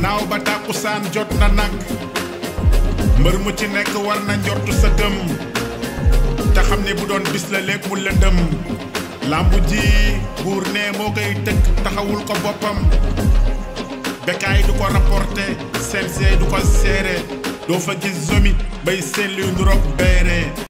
gannaaw ba tàkkusaan jot na nag mbër mu ci nekk war na njottu sa gëm te xam ne bu doon bis la léeg mu lëndëm làmb ji buur ne moo koy tëkk taxawul ko boppam bekaay du ko rapporté seen du ko seere doo fa gis zomi bay seen luy nu beere